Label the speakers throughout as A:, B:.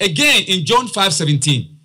A: Again, in John 5 17,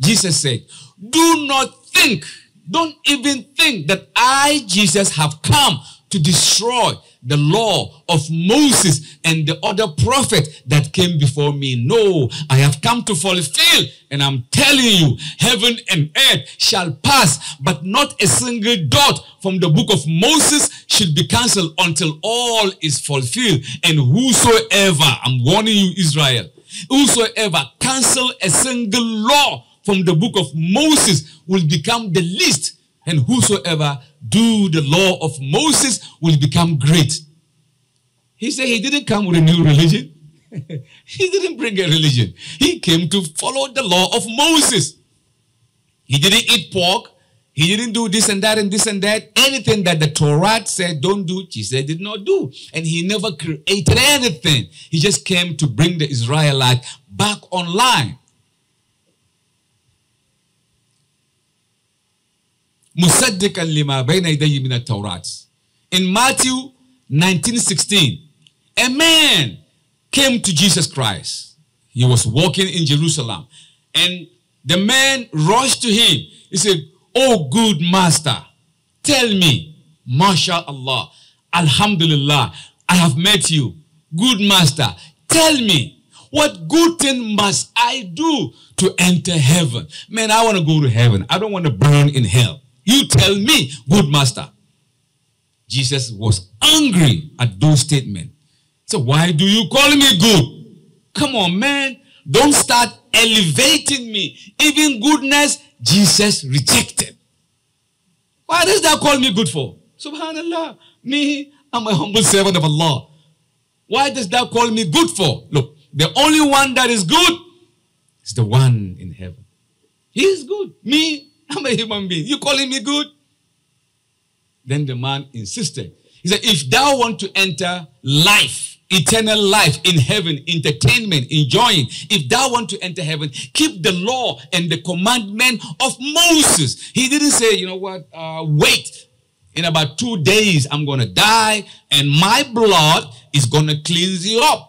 A: Jesus said, Do not think, don't even think that I, Jesus, have come to destroy the law of Moses and the other prophet that came before me. No, I have come to fulfill, and I'm telling you, heaven and earth shall pass, but not a single dot from the book of Moses should be cancelled until all is fulfilled. And whosoever, I'm warning you, Israel, Whosoever cancel a single law from the book of Moses will become the least, and whosoever do the law of Moses will become great. He said he didn't come with a new religion. he didn't bring a religion. He came to follow the law of Moses. He didn't eat pork. He didn't do this and that and this and that. Anything that the Torah said don't do, Jesus did not do. And he never created anything. He just came to bring the Israelite back online. In Matthew 19:16, a man came to Jesus Christ. He was walking in Jerusalem, and the man rushed to him. He said, O good master, tell me, mashallah, Alhamdulillah, I have met you. Good master, tell me, what good thing must I do to enter heaven? Man, I want to go to heaven. I don't want to burn in hell. You tell me, good master. Jesus was angry at those statements. So why do you call me good? Come on, man. Don't start elevating me. Even goodness Jesus rejected. Why does that call me good for? Subhanallah. Me, I'm a humble servant of Allah. Why does that call me good for? Look, the only one that is good is the one in heaven. He is good. Me, I'm a human being. You calling me good? Then the man insisted. He said, if thou want to enter life, eternal life in heaven, entertainment, enjoying. If thou want to enter heaven, keep the law and the commandment of Moses. He didn't say, you know what, uh, wait. In about two days, I'm going to die and my blood is going to cleanse you up.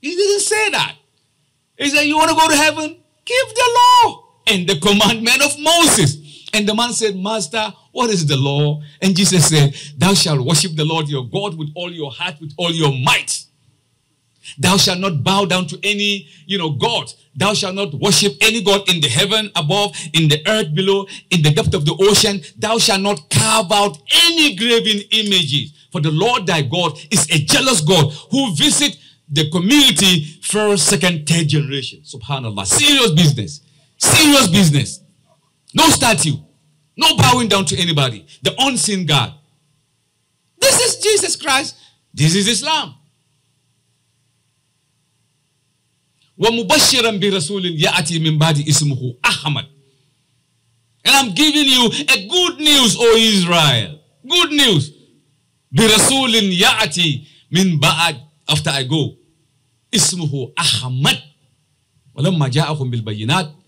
A: He didn't say that. He said, you want to go to heaven? Keep the law and the commandment of Moses. And the man said, Master, what is the law? And Jesus said, Thou shalt worship the Lord your God with all your heart, with all your might. Thou shalt not bow down to any, you know, God. Thou shalt not worship any God in the heaven above, in the earth below, in the depth of the ocean. Thou shalt not carve out any graven images. For the Lord thy God is a jealous God who visit the community first, second, third generation. Subhanallah. Serious business. Serious business. No statue. No bowing down to anybody. The unseen God. This is Jesus Christ. This is Islam. ومبشرا برسول يأتي من بعد اسمه أحمد and I'm giving you a good news O Israel good news برسول يأتي من بعد after I go اسمه أحمد ولما جاءهم بالبينات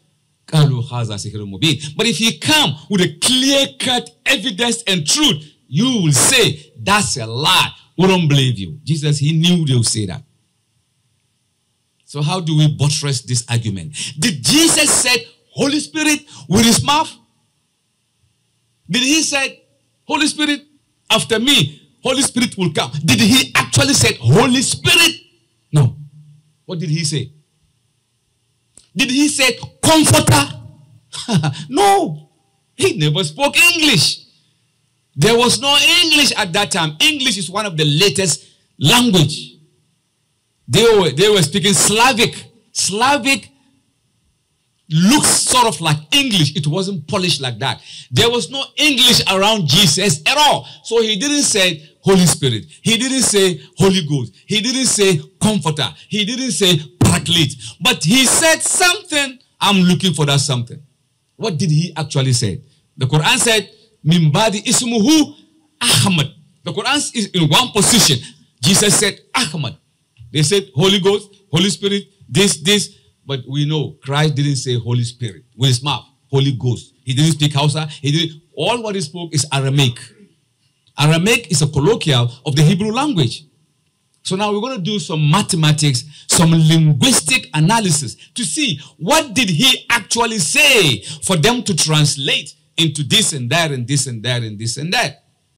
A: but if you come with a clear cut evidence and truth you will say that's a lie we don't believe you Jesus he knew they would say that so how do we buttress this argument did Jesus said Holy Spirit with his mouth did he said Holy Spirit after me Holy Spirit will come did he actually said Holy Spirit no what did he say did he say comforter? no. He never spoke English. There was no English at that time. English is one of the latest language. They were, they were speaking Slavic. Slavic looks sort of like English. It wasn't polished like that. There was no English around Jesus at all. So he didn't say Holy Spirit. He didn't say Holy Ghost. He didn't say Comforter. He didn't say athlete. But he said something. I'm looking for that something. What did he actually say? The Quran said, Mimbadi ismuhu Ahmad. The Quran is in one position. Jesus said, Ahmad. They said, Holy Ghost, Holy Spirit, this, this. But we know Christ didn't say Holy Spirit with his mouth, Holy Ghost. He didn't speak Hausa. He didn't. All what he spoke is Aramaic. Aramaic is a colloquial of the Hebrew language. So now we're going to do some mathematics, some linguistic analysis to see what did he actually say for them to translate into this and that and this and that and this and that.